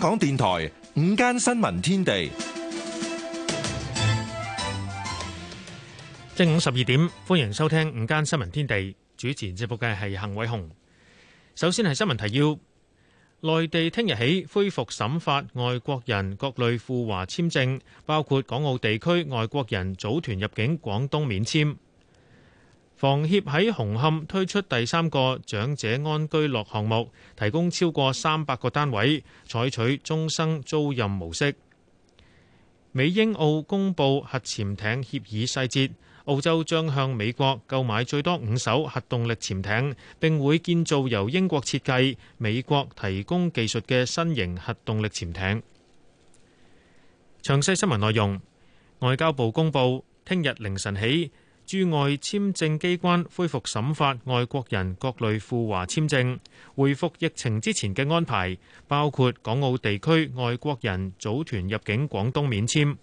香港電台午間新聞天地，正午十二點，歡迎收聽午間新聞天地，主持節目嘅係幸偉雄。首先係新聞提要：內地聽日起恢復審發外國人各類赴華簽證，包括港澳地區外國人組團入境廣東免簽。房協喺紅磡推出第三個長者安居樂項目，提供超過三百個單位，採取終生租賃模式。美英澳公佈核潛艇協議細節，澳洲將向美國購買最多五艘核動力潛艇，並會建造由英國設計、美國提供技術嘅新型核動力潛艇。詳細新聞內容，外交部公佈，聽日凌晨起。駐外簽證機關恢復審發，外國人各類赴華簽證，恢復疫情之前嘅安排，包括港澳地區外國人組團入境廣東免簽。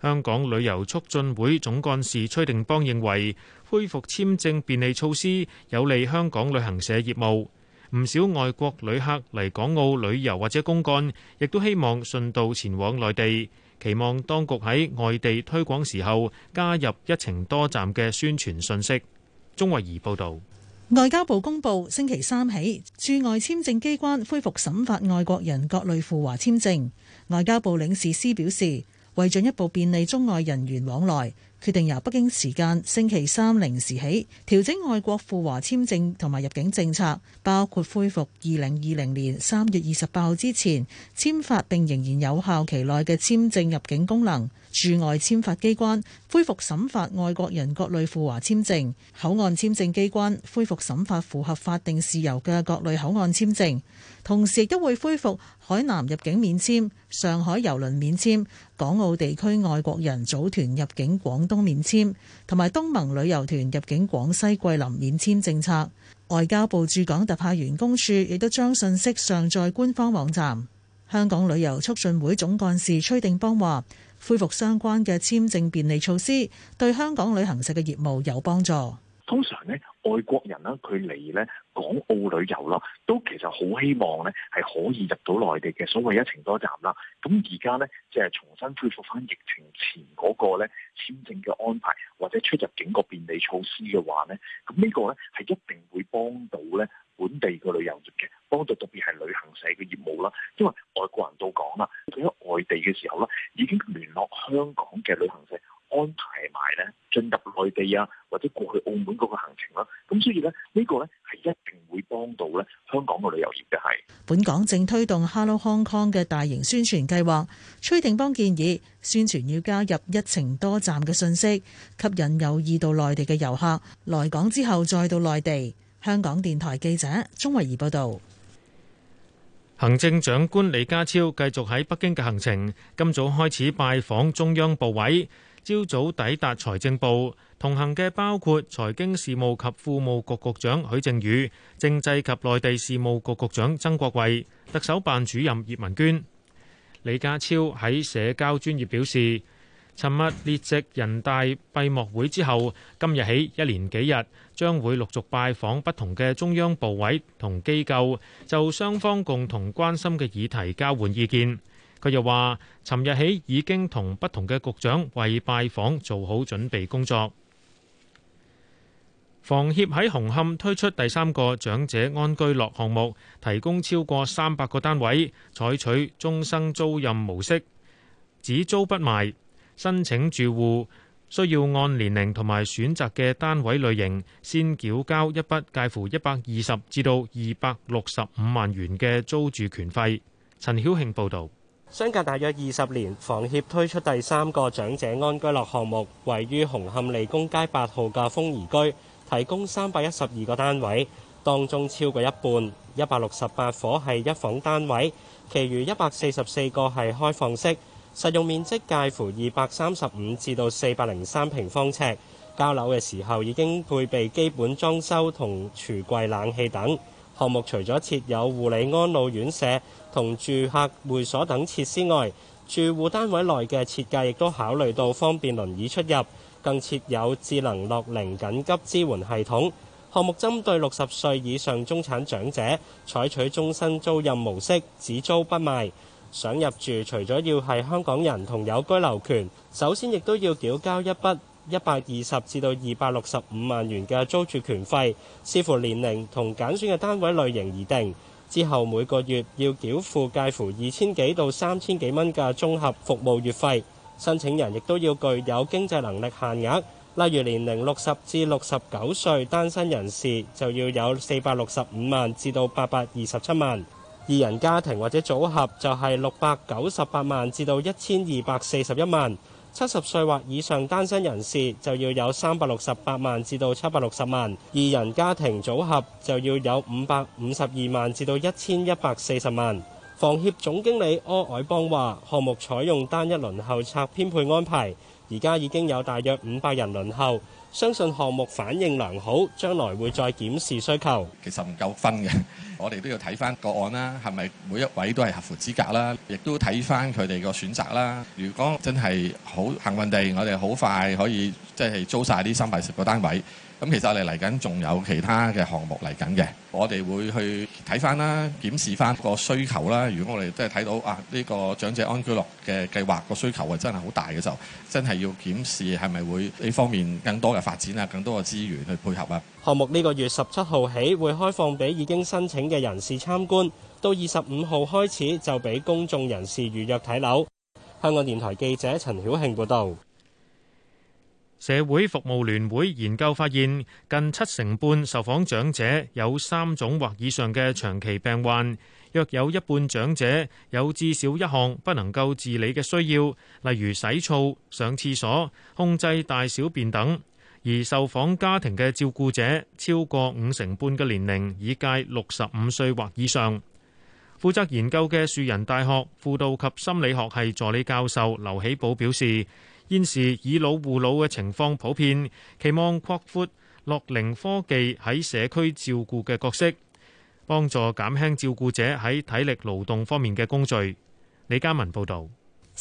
香港旅遊促進會總幹事崔定邦認為，恢復簽證便利措施有利香港旅行社業務。唔少外國旅客嚟港澳旅遊或者公幹，亦都希望順道前往內地。期望當局喺外地推廣時候加入一程多站嘅宣傳信息。鍾慧儀報道，外交部公布星期三起駐外簽證機關恢復審發外國人各類赴華簽證。外交部領事司表示，為進一步便利中外人員往來。決定由北京時間星期三零時起調整外國赴華簽證同埋入境政策，包括恢復二零二零年三月二十八號之前簽發並仍然有效期內嘅簽證入境功能；駐外簽發機關恢復審發外國人各類赴華簽證；口岸簽證機關恢復審發符合法定事由嘅各類口岸簽證。同時亦都會恢復海南入境免簽、上海郵輪免簽、港澳地區外國人組團入境廣東免簽，同埋東盟旅遊團入境廣西桂林免簽政策。外交部駐港特派員公署亦都將信息上載官方網站。香港旅遊促進會總幹事崔定邦話：恢復相關嘅簽證便利措施，對香港旅行社嘅業務有幫助。通常咧，外國人啦，佢嚟咧，港澳旅遊啦，都其實好希望咧，係可以入到內地嘅所謂一程多站啦。咁而家咧，即係重新恢復翻疫情前嗰個咧簽證嘅安排，或者出入境個便利措施嘅話咧，咁呢個咧係一定會幫到咧本地嘅旅遊業嘅，幫到特別係旅行社嘅業務啦。因為外國人都講啦，佢喺外地嘅時候咧，已經聯絡香港嘅旅行社。安排埋咧進入內地啊，或者過去澳門嗰個行程啦。咁所以咧，呢個咧係一定會幫到咧香港嘅旅遊業嘅係。本港正推動 Hello Hong Kong 嘅大型宣傳計劃，崔定邦建議宣傳要加入一程多站嘅信息，吸引有意到內地嘅遊客來港之後再到內地。香港電台記者鍾慧儀報道。行政長官李家超繼續喺北京嘅行程，今早開始拜訪中央部委。朝早抵達財政部，同行嘅包括財經事務及庫務局局長許正宇、政制及內地事務局局長曾國衛、特首辦主任葉文娟。李家超喺社交專業表示，尋日列席人大閉幕會之後，今日起一連幾日將會陸續拜訪不同嘅中央部委同機構，就雙方共同關心嘅議題交換意見。佢又話，尋日起已經同不同嘅局長為拜訪做好準備工作。房協喺紅磡推出第三個長者安居樂項目，提供超過三百個單位，採取終生租賃模式，只租不賣。申請住戶需要按年齡同埋選擇嘅單位類型，先繳交一筆介乎一百二十至到二百六十五萬元嘅租住權費。陳曉慶報導。相隔大約二十年，房協推出第三個長者安居樂項目，位於紅磡利工街八號嘅豐頤居，提供三百一十二個單位，當中超過一半一百六十八伙係一房單位，其餘一百四十四個係開放式，實用面積介乎二百三十五至到四百零三平方尺。交樓嘅時候已經配備基本裝修同櫥櫃、冷氣等。項目除咗設有護理安老院舍同住客會所等設施外，住戶單位內嘅設計亦都考慮到方便輪椅出入，更設有智能落鈴緊急支援系統。項目針對六十歲以上中產長者，採取終身租賃模式，只租不賣。想入住，除咗要係香港人同有居留權，首先亦都要繳交一筆120至到265萬元的租住權費，視乎年齡同揀選嘅單位類型而定。之後每個月要繳付介乎2千幾到3千幾蚊嘅綜合服務月費。申請人亦都要具有經濟能力限額，例如年齡60至69歲單身人士就要有465萬至到827萬二人家庭或者組合就係698萬至到1241萬。七十歲或以上單身人士就要有三百六十八萬至到七百六十萬，二人家庭組合就要有五百五十二萬至到一千一百四十萬。房協總經理柯凱邦話：項目採用單一輪候冊編配安排，而家已經有大約五百人輪候。相信項目反應良好，將來會再檢視需求。其實唔夠分嘅，我哋都要睇翻個案啦，係咪每一位都係合乎資格啦？亦都睇翻佢哋個選擇啦。如果真係好幸運地，我哋好快可以即係租晒啲三百十個單位。咁其實我哋嚟緊仲有其他嘅項目嚟緊嘅，我哋會去睇翻啦，檢視翻個需求啦。如果我哋真係睇到啊，呢個長者安居樂嘅計劃個需求啊，真係好大嘅時候，真係要檢視係咪會呢方面更多嘅發展啊，更多嘅資源去配合啊。項目呢個月十七號起會開放俾已經申請嘅人士參觀，到二十五號開始就俾公眾人士預約睇樓。香港電台記者陳曉慶報道。社會服務聯會研究發現，近七成半受訪長者有三種或以上嘅長期病患，約有一半長者有至少一項不能夠自理嘅需要，例如洗澡、上廁所、控制大小便等。而受訪家庭嘅照顧者，超過五成半嘅年齡已屆六十五歲或以上。負責研究嘅樹仁大學輔導及心理學系助理教授劉喜寶表示。現時以老護老嘅情況普遍，期望擴闊樂齡科技喺社區照顧嘅角色，幫助減輕照顧者喺體力勞動方面嘅工序。李嘉文報導。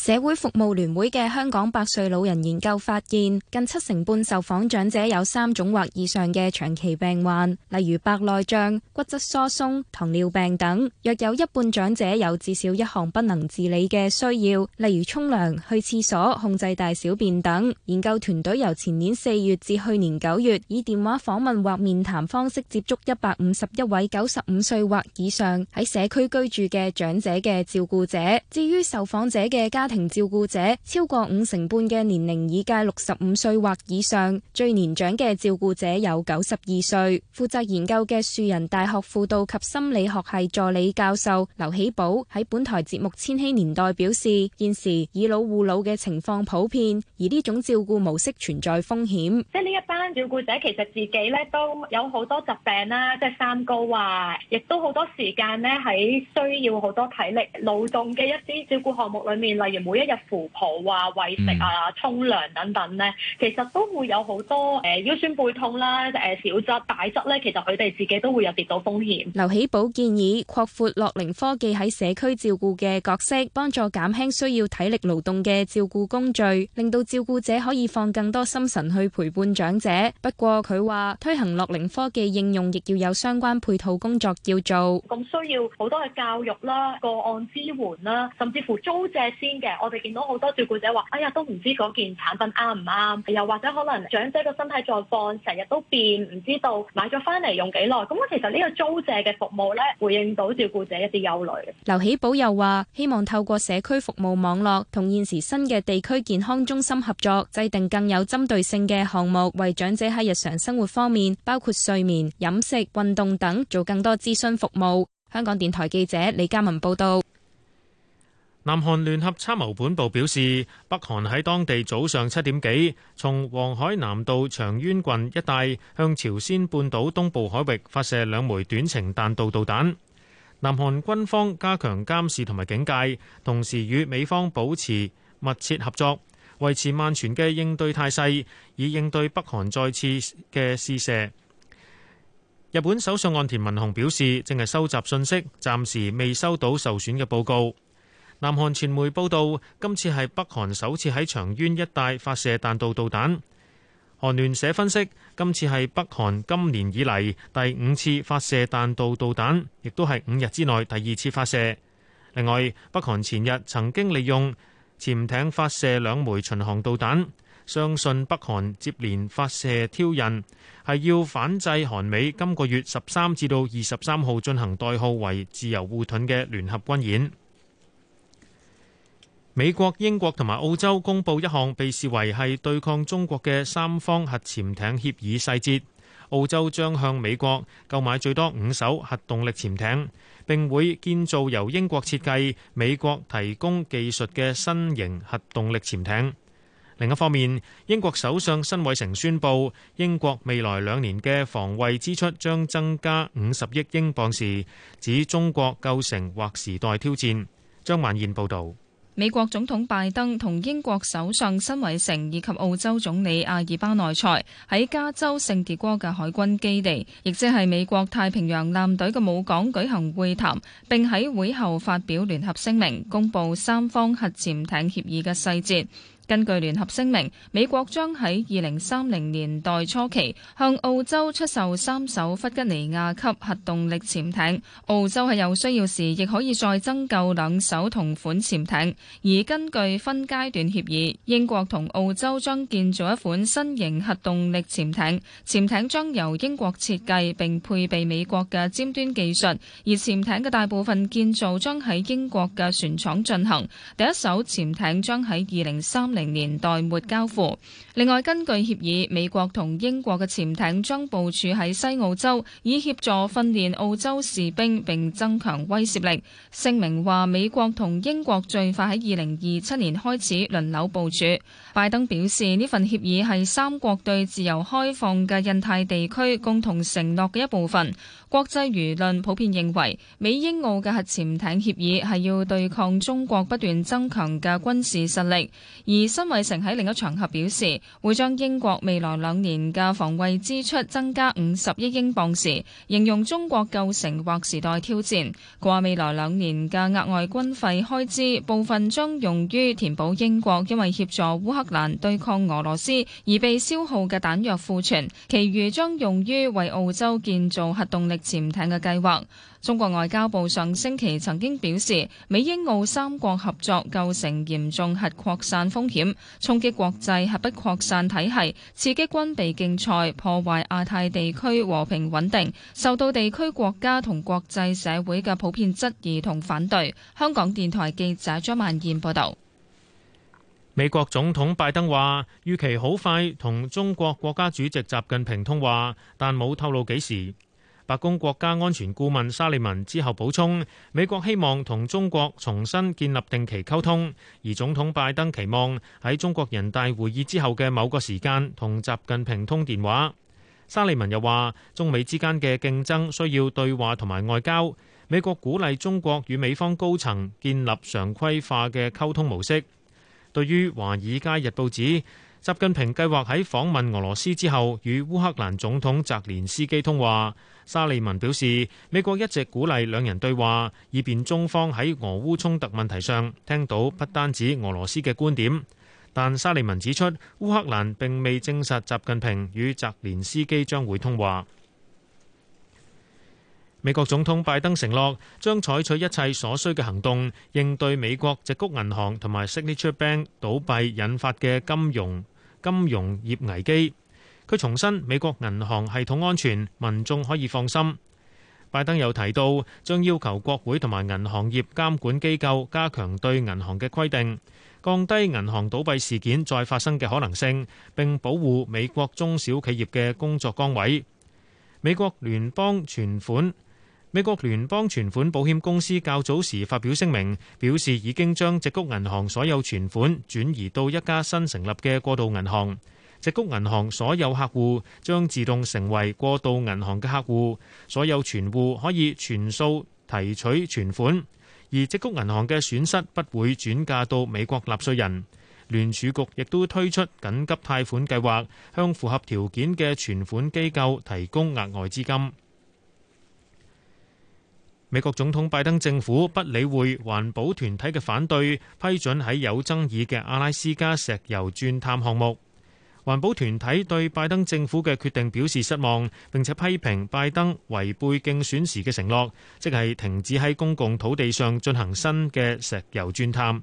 社會服務聯會嘅香港百歲老人研究發現，近七成半受訪長者有三種或以上嘅長期病患，例如白內障、骨質疏鬆、糖尿病等。約有一半長者有至少一項不能自理嘅需要，例如沖涼、去廁所、控制大小便等。研究團隊由前年四月至去年九月，以電話訪問或面談方式接觸一百五十一位九十五歲或以上喺社區居住嘅長者嘅照顧者。至於受訪者嘅家，庭照顧者超過五成半嘅年齡已屆六十五歲或以上，最年長嘅照顧者有九十二歲。負責研究嘅樹人大學輔導及心理學系助理教授劉喜寶喺本台節目《千禧年代》表示，現時以老護老嘅情況普遍，而呢種照顧模式存在風險。即係呢一班照顧者其實自己咧都有好多疾病啦，即係三高啊，亦都好多時間咧喺需要好多體力勞動嘅一啲照顧項目裏面，例如。每一日扶抱啊、餵食啊、沖涼等等咧，其實都會有好多誒腰酸背痛啦、誒小則大則咧，其實佢哋自己都會有跌倒風險。劉喜寶建議擴闊樂齡科技喺社區照顧嘅角色，幫助減輕需要體力勞動嘅照顧工序，令到照顧者可以放更多心神去陪伴長者。不過佢話推行樂齡科技應用，亦要有相關配套工作要做。咁需要好多嘅教育啦、個案支援啦，甚至乎租借先嘅，我哋見到好多照顧者話，哎呀，都唔知嗰件產品啱唔啱，又或者可能長者個身體狀況成日都變，唔知道買咗翻嚟用幾耐。咁我其實呢個租借嘅服務咧，回應到照顧者一啲憂慮。劉喜寶又話，希望透過社區服務網絡同現時新嘅地區健康中心合作，制定更有針對性嘅項目，為長者喺日常生活方面，包括睡眠、飲食、運動等，做更多諮詢服務。香港電台記者李嘉文報道。南韓聯合參謀本部表示，北韓喺當地早上七點幾，從黃海南道長淵郡一帶向朝鮮半島東部海域發射兩枚短程彈道導彈。南韓軍方加強監視同埋警戒，同時與美方保持密切合作，維持萬全嘅應對態勢，以應對北韓再次嘅試射。日本首相岸田文雄表示，正係收集信息，暫時未收到受損嘅報告。南韓傳媒報道，今次係北韓首次喺長淵一帶發射彈道導彈。韓聯社分析，今次係北韓今年以嚟第五次發射彈道導彈，亦都係五日之內第二次發射。另外，北韓前日曾經利用潛艇發射兩枚巡航導彈，相信北韓接連發射挑釁，係要反制韓美今個月十三至到二十三號進行代號為「自由護盾」嘅聯合軍演。美國、英國同埋澳洲公布一項被視為係對抗中國嘅三方核潛艇協議細節。澳洲將向美國購買最多五艘核動力潛艇，並會建造由英國設計、美國提供技術嘅新型核動力潛艇。另一方面，英國首相辛偉誠宣布，英國未來兩年嘅防衛支出將增加五十億英鎊時，指中國構成或時代挑戰。張萬燕報導。美國總統拜登同英國首相辛偉誠,以及澳洲總理阿爾巴內塞,喺加州聖地亞哥嘅海軍基地,亦即係美國太平洋艦隊嘅母港舉行會談,並喺會後發表聯合聲明,公布三方核潛艇協議嘅細節。根據聯合聲明，美國將喺二零三零年代初期向澳洲出售三艘弗吉尼亞級核動力潛艇。澳洲係有需要時，亦可以再增購兩艘同款潛艇。而根據分階段協議，英國同澳洲將建造一款新型核動力潛艇。潛艇將由英國設計並配備美國嘅尖端技術，而潛艇嘅大部分建造將喺英國嘅船廠進行。第一艘潛艇將喺二零三零零年代末交付。另外，根據協議，美國同英國嘅潛艇將部署喺西澳洲，以協助訓練澳洲士兵並增強威懾力。聲明話，美國同英國最快喺二零二七年開始輪流部署。拜登表示，呢份協議係三國對自由開放嘅印太地區共同承諾嘅一部分。國際輿論普遍認為，美英澳嘅核潛艇協議係要對抗中國不斷增強嘅軍事實力，而辛偉誠喺另一場合表示，會將英國未來兩年嘅防衛支出增加五十億英鎊時，形容中國構成劃時代挑戰。佢話未來兩年嘅額外軍費開支，部分將用於填補英國因為協助烏克蘭對抗俄羅斯而被消耗嘅彈藥庫存，其餘將用於為澳洲建造核動力潛艇嘅計劃。中國外交部上星期曾經表示，美英澳三國合作構成嚴重核擴散風險，衝擊國際核不擴散體系，刺激軍備競賽，破壞亞太地區和平穩定，受到地區國家同國際社會嘅普遍質疑同反對。香港電台記者張萬燕報道。美國總統拜登話，預期好快同中國國家主席習近平通話，但冇透露幾時。白宮國家安全顧問沙利文之後補充，美國希望同中國重新建立定期溝通，而總統拜登期望喺中國人大會議之後嘅某個時間同習近平通電話。沙利文又話，中美之間嘅競爭需要對話同埋外交，美國鼓勵中國與美方高層建立常規化嘅溝通模式。對於《華爾街日報》指，習近平計劃喺訪問俄羅斯之後與烏克蘭總統澤連斯基通話。沙利文表示，美國一直鼓勵兩人對話，以便中方喺俄烏衝突問題上聽到不單止俄羅斯嘅觀點。但沙利文指出，烏克蘭並未證實習近平與澤連斯基將會通話。美國總統拜登承諾將採取一切所需嘅行動，應對美國矽谷銀行同埋 Signature Bank 倒閉引發嘅金融金融業危機。佢重申美國銀行系統安全，民眾可以放心。拜登又提到，將要求國會同埋銀行業監管機構加強對銀行嘅規定，降低銀行倒閉事件再發生嘅可能性，並保護美國中小企業嘅工作崗位。美國聯邦存款美國聯邦存款保險公司較早時發表聲明，表示已經將矽谷銀行所有存款轉移到一家新成立嘅過渡銀行。矽谷銀行所有客戶將自動成為過渡銀行嘅客戶，所有存戶可以全數提取存款。而矽谷銀行嘅損失不會轉嫁到美國納稅人。聯儲局亦都推出緊急貸款計劃，向符合條件嘅存款機構提供額外資金。美國總統拜登政府不理會環保團體嘅反對，批准喺有爭議嘅阿拉斯加石油鑽探項目。環保團體對拜登政府嘅決定表示失望，並且批評拜登違背競選時嘅承諾，即係停止喺公共土地上進行新嘅石油鑽探。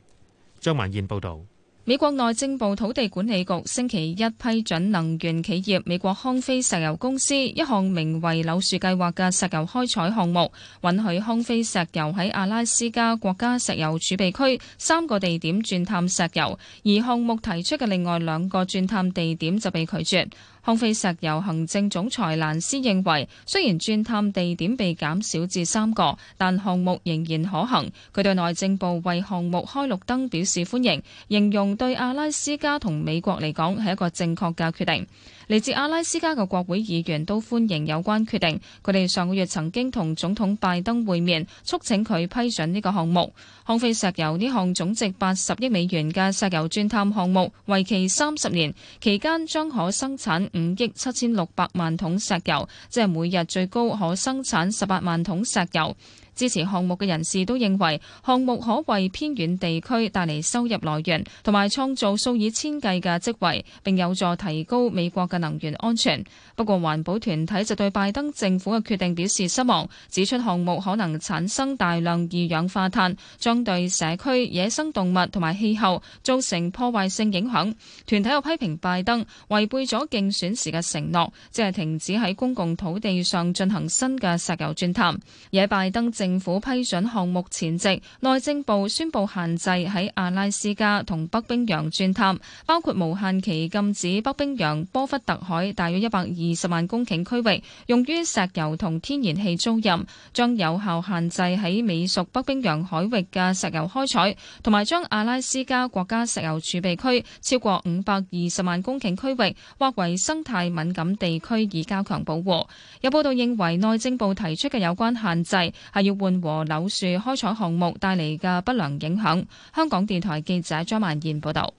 張萬燕報道。美國內政部土地管理局，星期一批准能源企業美國康菲石油公司一項名為“柳樹計劃”嘅石油開採項目，允許康菲石油喺阿拉斯加國家石油儲備區三個地點鑽探石油，而項目提出嘅另外兩個鑽探地點就被拒絕。康菲石油行政總裁蘭斯認為，雖然鑽探地點被減少至三個，但項目仍然可行。佢對內政部為項目開綠燈表示歡迎，形容對阿拉斯加同美國嚟講係一個正確嘅決定。嚟自阿拉斯加嘅國會議員都歡迎有關決定。佢哋上個月曾經同總統拜登會面，促請佢批准呢個項目。康菲石油呢項總值八十億美元嘅石油鑽探項目，為期三十年，期間將可生產五億七千六百萬桶石油，即係每日最高可生產十八萬桶石油。支持項目嘅人士都認為項目可為偏遠地區帶嚟收入來源，同埋創造數以千計嘅職位，並有助提高美國嘅能源安全。不過環保團體就對拜登政府嘅決定表示失望，指出項目可能產生大量二氧化碳，將對社區、野生動物同埋氣候造成破壞性影響。團體又批評拜登違背咗競選時嘅承諾，即係停止喺公共土地上進行新嘅石油鑽探。而拜登政政府批准項目前夕，內政部宣布限制喺阿拉斯加同北冰洋鑽探，包括無限期禁止北冰洋波福特海大約一百二十萬公頃區域用於石油同天然氣租賃，將有效限制喺美屬北冰洋海域嘅石油開採，同埋將阿拉斯加國家石油儲備區超過五百二十萬公頃區域劃為生態敏感地區，以加強保護。有報道認為，內政部提出嘅有關限制係要緩和柳樹開採項目帶嚟嘅不良影響。香港電台記者張曼燕報道，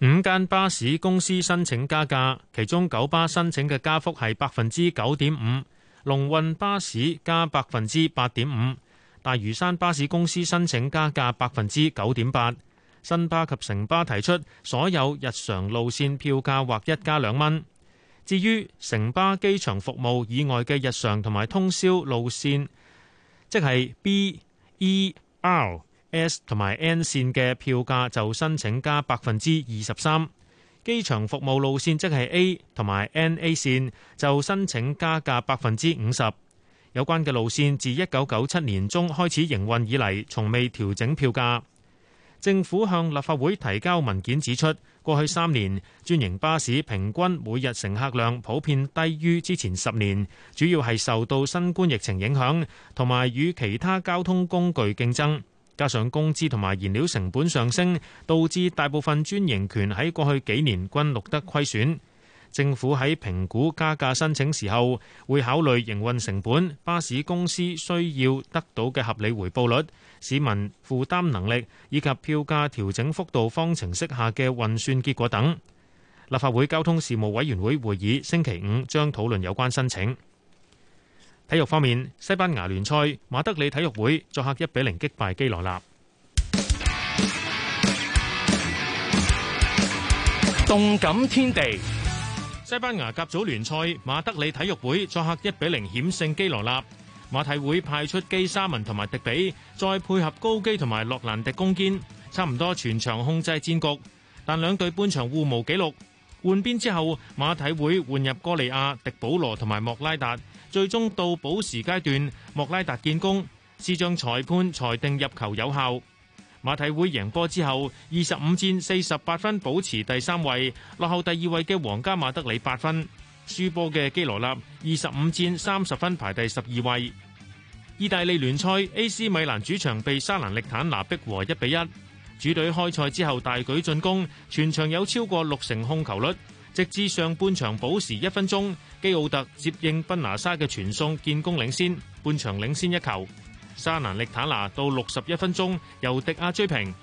五間巴士公司申請加價，其中九巴申請嘅加幅係百分之九點五，龍運巴士加百分之八點五，大嶼山巴士公司申請加價百分之九點八，新巴及城巴提出所有日常路線票價或一加兩蚊。至於城巴機場服務以外嘅日常同埋通宵路線。即係 B、E、R、S 同埋 N 線嘅票價就申請加百分之二十三，機場服務路線，即係 A 同埋 N、A 線就申請加價百分之五十。有關嘅路線自一九九七年中開始營運以嚟，從未調整票價。政府向立法會提交文件指出，過去三年，專營巴士平均每日乘客量普遍低於之前十年，主要係受到新冠疫情影響，同埋與其他交通工具競爭，加上工資同埋燃料成本上升，導致大部分專營權喺過去幾年均錄得虧損。政府喺評估加價申請時候，會考慮營運成本、巴士公司需要得到嘅合理回報率、市民負擔能力以及票價調整幅度方程式下嘅運算結果等。立法會交通事務委員會會議星期五將討論有關申請。體育方面，西班牙聯賽馬德里體育會作客一比零擊敗基羅納。動感天地。西班牙甲組聯賽，馬德里體育會作客一比零險勝基羅納。馬體會派出基沙文同埋迪比，再配合高基同埋洛蘭迪攻堅，差唔多全場控制戰局。但兩隊半場互無紀錄。換邊之後，馬體會換入哥利亞、迪保羅同埋莫拉達。最終到補時階段，莫拉達建功，視像裁判裁定入球有效。馬體會贏波之後，二十五戰四十八分保持第三位，落後第二位嘅皇家馬德里八分。輸波嘅基羅納二十五戰三十分排第十二位。意大利聯賽 A.C. 米蘭主場被沙蘭力坦拿逼和一比一。主隊開賽之後大舉進攻，全場有超過六成控球率，直至上半場補時一分鐘，基奧特接應賓拿沙嘅傳送建功領先，半場領先一球。沙蘭力坦拿到六十一分鐘由迪亞追平。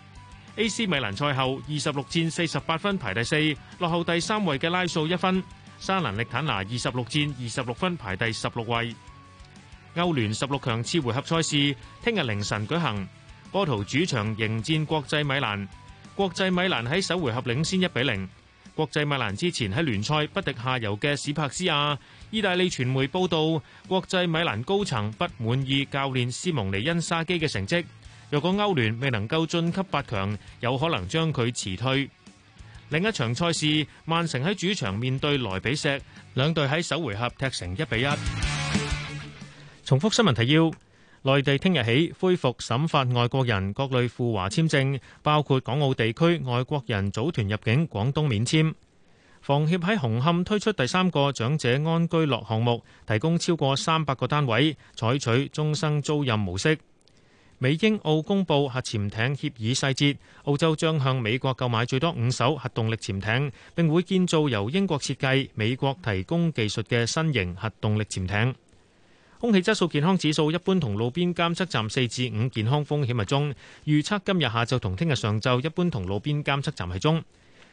A.C. 米蘭賽後二十六戰四十八分排第四，落後第三位嘅拉素一分。沙蘭力坦拿二十六戰二十六分排第十六位。歐聯十六強次回合賽事聽日凌晨舉行，波圖主場迎戰國際米蘭。國際米蘭喺首回合領先一比零。0, 國際米蘭之前喺聯賽不敵下游嘅史帕斯亞。意大利傳媒報道，國際米蘭高層不滿意教練斯蒙尼因沙基嘅成績，若果歐聯未能夠晉級八強，有可能將佢辭退。另一場賽事，曼城喺主場面對萊比錫，兩隊喺首回合踢成一比一。重複新聞提要：內地聽日起恢復審發外國人各類赴華簽證，包括港澳地區外國人組團入境廣東免簽。房協喺紅磡推出第三個長者安居樂項目，提供超過三百個單位，採取終生租賃模式。美英澳公布核潛艇協議細節，澳洲將向美國購買最多五艘核動力潛艇，並會建造由英國設計、美國提供技術嘅新型核動力潛艇。空氣質素健康指數一般同路邊監測站四至五健康風險係中，預測今日下晝同聽日上晝一般同路邊監測站係中。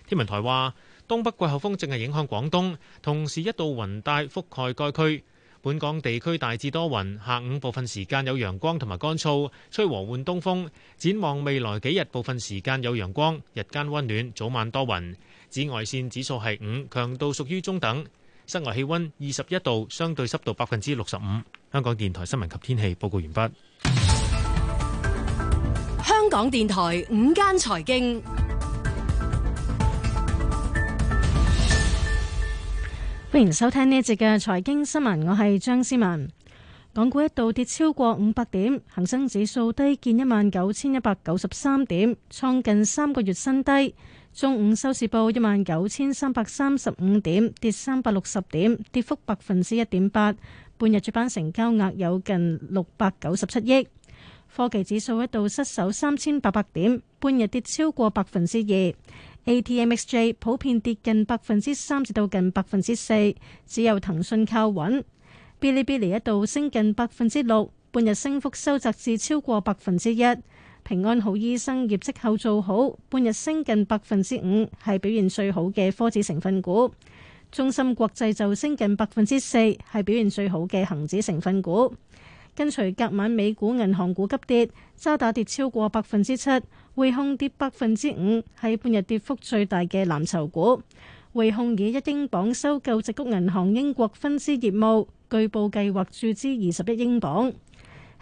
天文台話。東北季候風正係影響廣東，同時一道雲帶覆蓋該區。本港地區大致多雲，下午部分時間有陽光同埋乾燥，吹和緩東風。展望未來幾日，部分時間有陽光，日間溫暖，早晚多雲。紫外線指數係五，強度屬於中等。室外氣溫二十一度，相對濕度百分之六十五。香港電台新聞及天氣報告完畢。香港電台午間財經。歡迎收聽呢一節嘅財經新聞，我係張思文。港股一度跌超過五百點，恒生指數低見一萬九千一百九十三點，創近三個月新低。中午收市報一萬九千三百三十五點，跌三百六十點，跌幅百分之一點八。半日主板成交額有近六百九十七億。科技指數一度失守三千八百點，半日跌超過百分之二。A.T.M.X.J 普遍跌近百分之三至到近百分之四，只有騰訊靠穩。嗶哩嗶哩一度升近百分之六，半日升幅收窄至超過百分之一。平安好醫生業績後做好，半日升近百分之五，係表現最好嘅科指成分股。中芯國際就升近百分之四，係表現最好嘅恒指成分股。跟隨隔晚美股銀行股急跌，渣打跌超過百分之七。匯控跌百分之五，喺半日跌幅最大嘅藍籌股。匯控以一英鎊收購矽谷銀行英國分支業務，據報計劃注資二十一英鎊。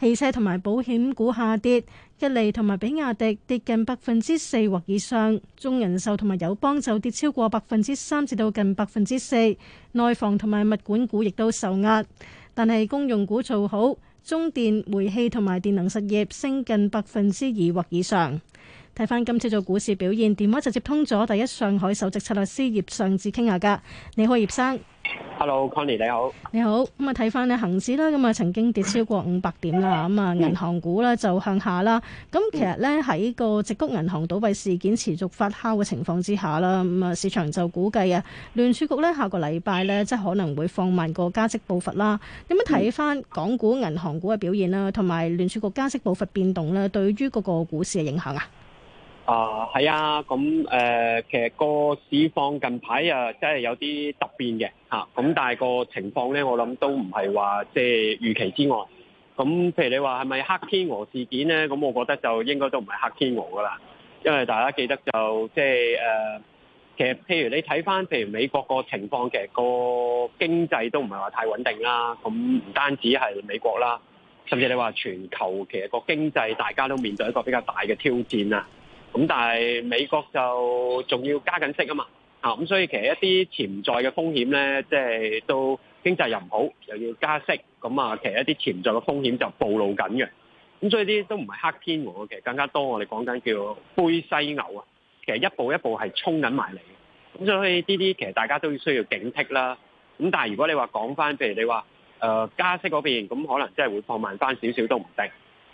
汽車同埋保險股下跌，吉利同埋比亞迪跌近百分之四或以上。中人壽同埋友邦就跌超過百分之三至到近百分之四。內房同埋物管股亦都受壓，但係公用股做好，中電、煤氣同埋電能實業升近百分之二或以上。睇翻今朝早股市表現，電話就接通咗第一上海首席策略師葉尚志傾下㗎。你好，葉生。Hello，Connie，你好。你好，咁啊睇翻你恆指啦，咁啊曾經跌超過五百點啦。咁啊，銀行股咧就向下啦。咁、嗯、其實呢，喺個矽谷銀行倒閉事件持續發酵嘅情況之下啦，咁啊市場就估計啊聯儲局呢下個禮拜呢，即可能會放慢個加息步伐啦。點樣睇翻港股銀行股嘅表現啦，同埋聯儲局加息步伐變動呢，對於嗰個股市嘅影響啊？啊，係啊，咁、嗯、誒，其實個市況近排啊，真係有啲突變嘅吓，咁、啊、但係個情況咧，我諗都唔係話即係預期之外。咁、啊、譬如你話係咪黑天鵝事件咧？咁我覺得就應該都唔係黑天鵝噶啦，因為大家記得就即係誒，其實譬如你睇翻，譬如美國個情況，其實個經濟都唔係話太穩定啦。咁唔單止係美國啦，甚至你話全球其實個經濟，大家都面對一個比較大嘅挑戰啦。咁但係美國就仲要加緊息啊嘛，啊、嗯、咁所以其實一啲潛在嘅風險咧，即、就、係、是、都經濟又唔好，又要加息，咁、嗯、啊其實一啲潛在嘅風險就暴露緊嘅，咁、嗯、所以啲都唔係黑天鵝，其實更加多我哋講緊叫灰犀牛啊，其實一步一步係衝緊埋嚟，咁、嗯、所以呢啲其實大家都需要警惕啦。咁、嗯、但係如果你話講翻，譬如你話誒、呃、加息嗰邊，咁可能真係會放慢翻少少都唔定。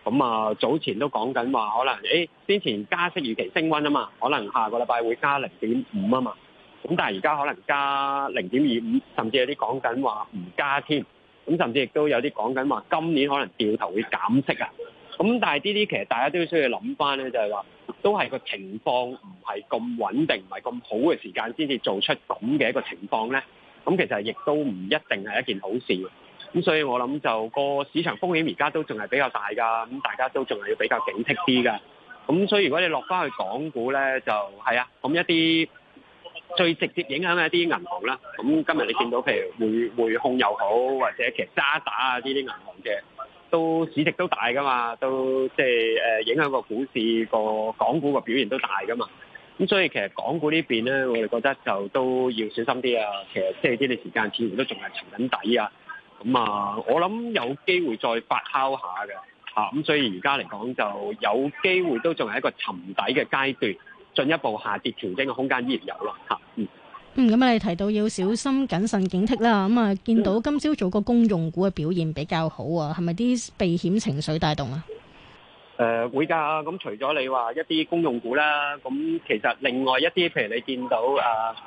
咁啊，早前都講緊話，可能誒先前加息預期升溫啊嘛，可能下個禮拜會加零點五啊嘛。咁但係而家可能加零點二五，甚至有啲講緊話唔加添。咁甚至亦都有啲講緊話，今年可能掉頭會減息啊。咁但係呢啲其實大家都需要諗翻咧，就係話都係個情況唔係咁穩定，唔係咁好嘅時間先至做出咁嘅一個情況咧。咁其實亦都唔一定係一件好事。咁所以我諗就個市場風險而家都仲係比較大㗎，咁大家都仲係要比較警惕啲㗎。咁所以如果你落翻去港股咧，就係啊，咁一啲最直接影響一啲銀行啦。咁今日你見到譬如匯匯，匯控又好，或者其實渣打啊呢啲銀行嘅，都市值都大㗎嘛，都即係誒影響個股市個港股個表現都大㗎嘛。咁所以其實港股呢邊咧，我哋覺得就都要小心啲啊。其實即係呢啲時間似乎都仲係沉緊底啊。咁啊，我諗有機會再發酵下嘅，吓，咁所以而家嚟講就有機會都仲係一個沉底嘅階段，進一步下跌調整嘅空間依然有咯，吓，嗯。嗯，咁啊，你提到要小心、謹慎、警惕啦，咁啊，見到今朝早個公用股嘅表現比較好啊，係咪啲避險情緒帶動啊？誒會㗎咁，除咗你話一啲公用股啦，咁其實另外一啲，譬如你見到誒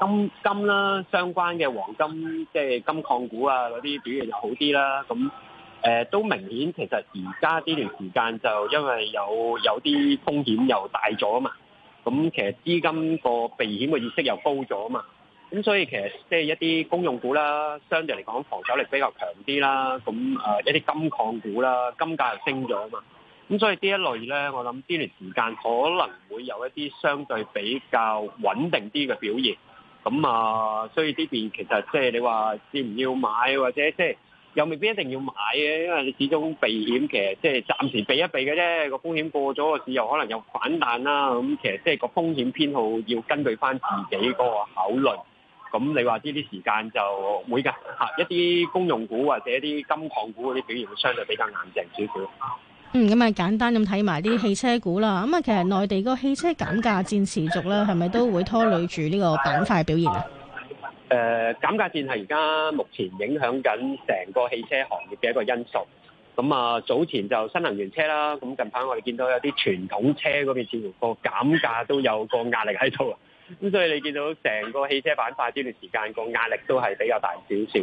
金金啦，相關嘅黃金，即係金礦股啊嗰啲表現又好啲啦。咁誒都明顯，其實而家呢段時間就因為有有啲風險又大咗嘛，咁其實資金個避險嘅意識又高咗嘛，咁所以其實即係一啲公用股啦，相對嚟講防守力比較強啲啦。咁誒一啲金礦股啦，金價又升咗嘛。咁所以呢一類咧，我諗呢段時間可能會有一啲相對比較穩定啲嘅表現。咁啊，所以呢邊其實即係你話要唔要買，或者即係又未必一定要買嘅，因為你始終避險嘅，其實即係暫時避一避嘅啫。個風險過咗個時候又可能又反彈啦。咁其實即係個風險偏好要根據翻自己嗰個考慮。咁你話呢啲時間就會㗎嚇，一啲公用股或者一啲金礦股嗰啲表現會相對比較硬淨少少。嗯，咁啊，簡單咁睇埋啲汽車股啦。咁啊，其實內地個汽車減價戰持續咧，係咪都會拖累住呢個板塊嘅表現啊？誒、呃，減價戰係而家目前影響緊成個汽車行業嘅一個因素。咁啊，早前就新能源車啦，咁近排我哋見到有啲傳統車嗰邊似乎個減價都有個壓力喺度啊。咁所以你見到成個汽車板塊呢段時間個壓力都係比較大少少。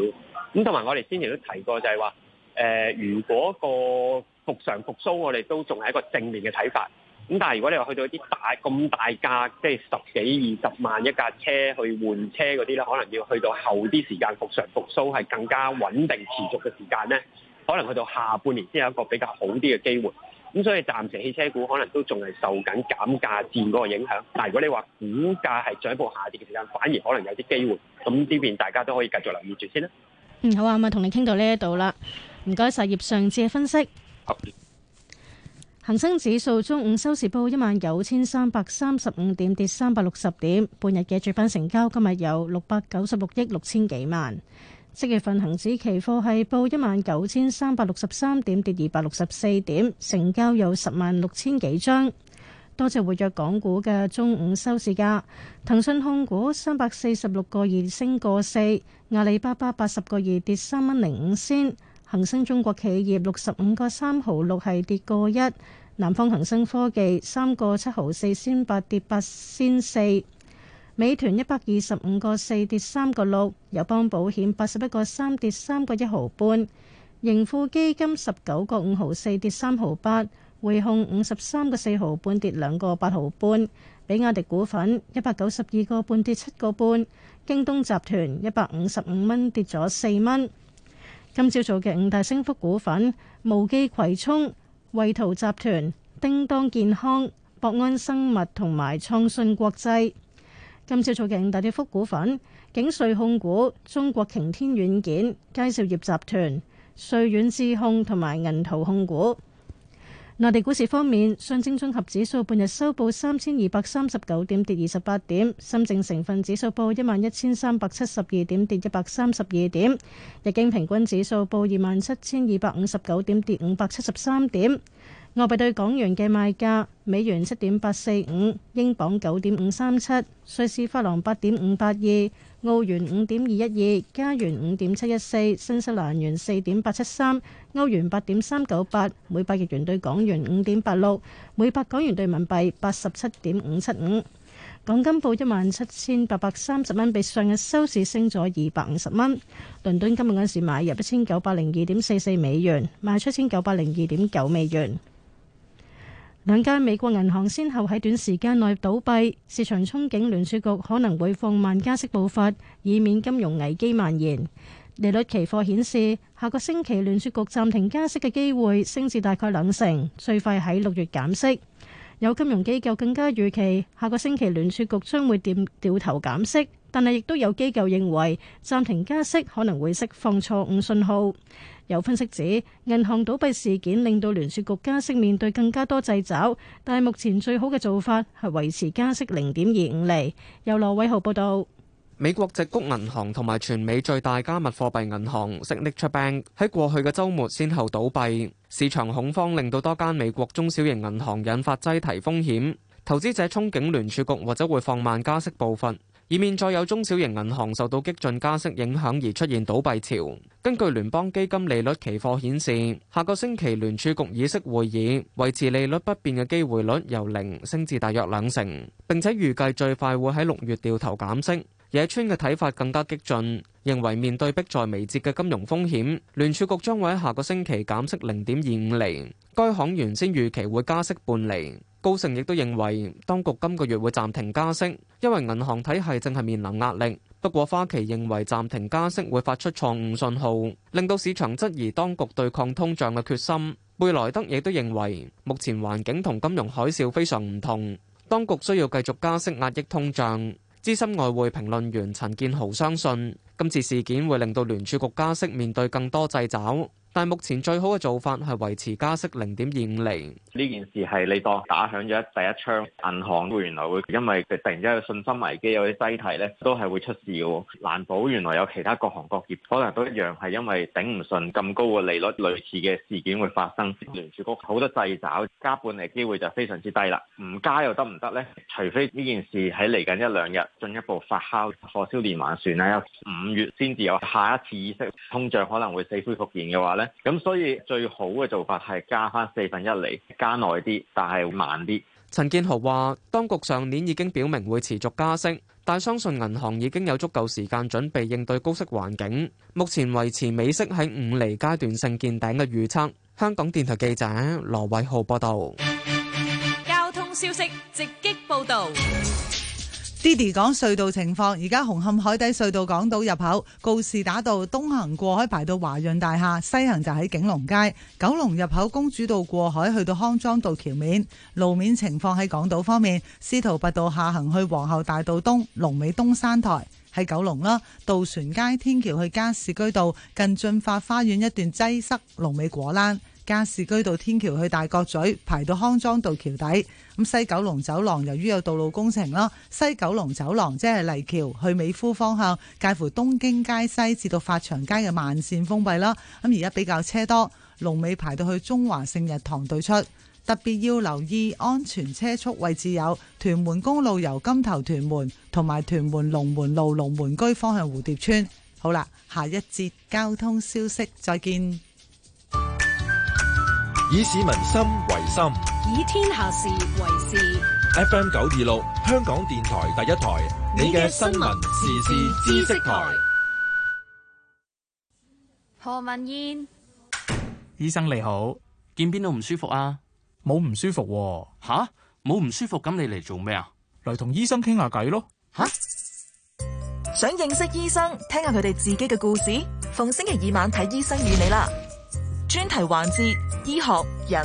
咁同埋我哋先前都提過就，就係話誒，如果個復常復蘇，我哋都仲係一個正面嘅睇法。咁但係如果你話去到一啲大咁大架，即係十幾二十萬一架車去換車嗰啲咧，可能要去到後啲時間復常復蘇，係更加穩定持續嘅時間咧，可能去到下半年先有一個比較好啲嘅機會。咁所以暫時汽車股可能都仲係受緊減價戰嗰個影響，但係如果你話股價係進一步下跌嘅時間，反而可能有啲機會，咁呢邊大家都可以繼續留意住先啦。嗯，好啊，咁啊，同你傾到呢一度啦，唔該晒葉尚志嘅分析。恒生指數中午收市報一萬九千三百三十五點，跌三百六十點。半日嘅主板成交今日有六百九十六億六千幾萬。即月份恒指期貨係報一萬九千三百六十三點，跌二百六十四點，成交有十萬六千幾張。多隻活躍港股嘅中午收市價，騰訊控股三百四十六個二升個四，阿里巴巴八十個二跌三蚊零五仙。恒生中國企業六十五個三毫六，係跌個一；南方恒生科技三個七毫四，先八跌八先四；美團一百二十五個四跌三個六；友邦保險八十一個三跌三個一毫半；盈富基金十九個五毫四跌三毫八；匯控五十三個四毫半跌兩個八毫半；比亞迪股份一百九十二個半跌七個半；京東集團一百五十五蚊跌咗四蚊。今朝早嘅五大升幅股份：毛記葵涌、惠圖集團、叮當健康、博安生物同埋創信國際。今朝早嘅五大跌幅股份：景瑞控股、中國擎天軟件、佳兆業集團、瑞遠智控同埋銀圖控股。內地股市方面，上證綜合指數半日收報三千二百三十九點，跌二十八點；深證成分指數報一萬一千三百七十二點，跌一百三十二點；日經平均指數報二萬七千二百五十九點，跌五百七十三點。外幣對港元嘅賣價：美元七點八四五，英鎊九點五三七，瑞士法郎八點五八二。澳元五點二一二，加元五點七一四，新西蘭元四點八七三，歐元八點三九八，每百日元對港元五點八六，每百港元對人民幣八十七點五七五。港金報一萬七千八百三十蚊，比上日收市升咗二百五十蚊。倫敦今日嗰陣時買入一千九百零二點四四美元，賣出千九百零二點九美元。兩間美國銀行先後喺短時間內倒閉，市場憧憬聯儲局可能會放慢加息步伐，以免金融危機蔓延。利率期貨顯示，下個星期聯儲局暫停加息嘅機會升至大概兩成，最快喺六月減息。有金融機構更加預期，下個星期聯儲局將會掉掉頭減息，但係亦都有機構認為，暫停加息可能會釋放錯誤信號。有分析指，銀行倒閉事件令到聯儲局加息面對更加多掣肘，但係目前最好嘅做法係維持加息零點二五厘。由羅偉豪報導。美國矽谷銀行同埋全美最大加密貨幣銀行 Signature Bank 喺過去嘅週末先後倒閉，市場恐慌令到多間美國中小型銀行引發擠提風險，投資者憧憬聯儲局或者會放慢加息步伐。以免再有中小型銀行受到激進加息影響而出現倒閉潮。根據聯邦基金利率期貨顯示，下個星期聯儲局議息會議維持利率不變嘅機會率由零升至大約兩成，並且預計最快會喺六月掉頭減息。野村嘅睇法更加激進，認為面對迫在眉睫嘅金融風險，聯儲局將會喺下個星期減息零點二五厘，該行原先預期會加息半厘。高盛亦都認為當局今個月會暫停加息，因為銀行體系正係面臨壓力。不過花旗認為暫停加息會發出錯誤信號，令到市場質疑當局對抗通脹嘅決心。貝萊德亦都認為目前環境同金融海嘯非常唔同，當局需要繼續加息壓抑通脹。資深外匯評論員陳建豪相信，今次事件會令到聯儲局加息面對更多掣肘。但目前最好嘅做法係維持加息零點二五釐。呢件事係你當打響咗第一槍，銀行原來會因為突然之間有信心危機，有啲擠提呢都係會出事嘅。難保原來有其他各行各業，可能都一樣係因為頂唔順咁高嘅利率，類似嘅事件會發生。聯儲局好多掣肘，加半釐機會就非常之低啦。唔加又得唔得呢？除非呢件事喺嚟緊一兩日進一步發酵、火燒連環船呢。五月先至有下一次議息，通脹可能會死灰復燃嘅話咁所以最好嘅做法係加翻四分一厘，加耐啲，但係慢啲。陳建豪話：當局上年已經表明會持續加息，但相信銀行已經有足夠時間準備應對高息環境。目前維持美息喺五厘階段性見頂嘅預測。香港電台記者羅偉浩報道。交通消息直擊報道。睇睇講隧道情況，而家紅磡海底隧道港島入口告士打道東行過海排到華潤大廈，西行就喺景隆街。九龍入口公主道過海去到康莊道橋面路面情況喺港島方面，司徒拔道下行去皇后大道東龍尾東山台，喺九龍啦。渡船街天橋去加士居道近駿發花園一段擠塞龍尾果欄，加士居道天橋去大角咀排到康莊道橋底。咁西九龍走廊由於有道路工程啦，西九龍走廊即係麗橋去美孚方向，介乎東京街西至到發祥街嘅慢線封閉啦。咁而家比較車多，龍尾排到去中華聖日堂對出，特別要留意安全車速位置，有屯門公路由金頭屯門同埋屯門龍門路龍門居方向蝴蝶村。好啦，下一節交通消息，再見。以市民心為心，以天下事為事。FM 九二六，香港電台第一台，你嘅新聞、時事知識台。何文燕，醫生你好，見邊度唔舒服啊？冇唔舒服喎。啊，吓？冇唔舒服，咁你嚟，做咩啊？嚟同醫生傾下偈咯。吓？想認識醫生，聽下佢哋自己嘅故事，逢星期二晚睇《醫生與你》啦。專題環節：醫學人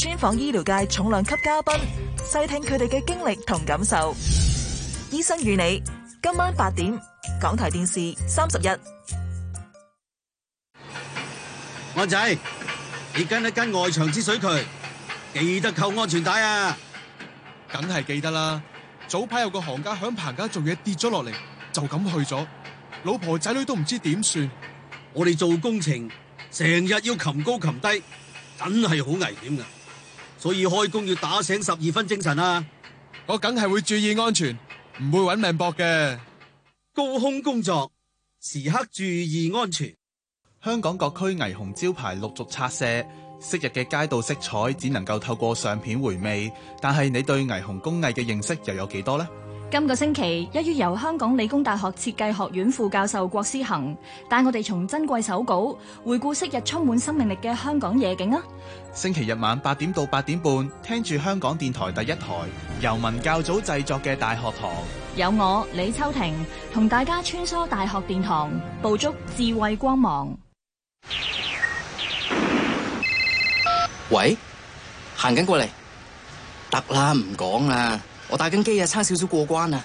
專訪醫療界重量級嘉賓，細聽佢哋嘅經歷同感受。醫生與你今晚八點，港台電視三十一。安仔，而家係一間外牆之水渠，記得扣安全帶啊！梗係記得啦。早排有個行家響棚架做嘢跌咗落嚟，就咁去咗，老婆仔女都唔知點算。我哋做工程。成日要擒高擒低，真係好危險㗎。所以開工要打醒十二分精神啊。我梗係會注意安全，唔會揾命搏嘅。高空工作，時刻注意安全。香港各區霓虹招牌陸續拆卸，昔日嘅街道色彩只能夠透過相片回味。但係你對霓虹工藝嘅認識又有幾多呢？今個星期一於由香港理工大學設計學院副教授郭思恒帶我哋從珍貴手稿回顧昔日充滿生命力嘅香港夜景啊！星期日晚八點到八點半，聽住香港電台第一台由文教組製作嘅《大學堂》，有我李秋婷同大家穿梭大學殿堂，捕捉智慧光芒。喂，行緊過嚟，得啦，唔講啦。我打緊機啊，差少少過關啊！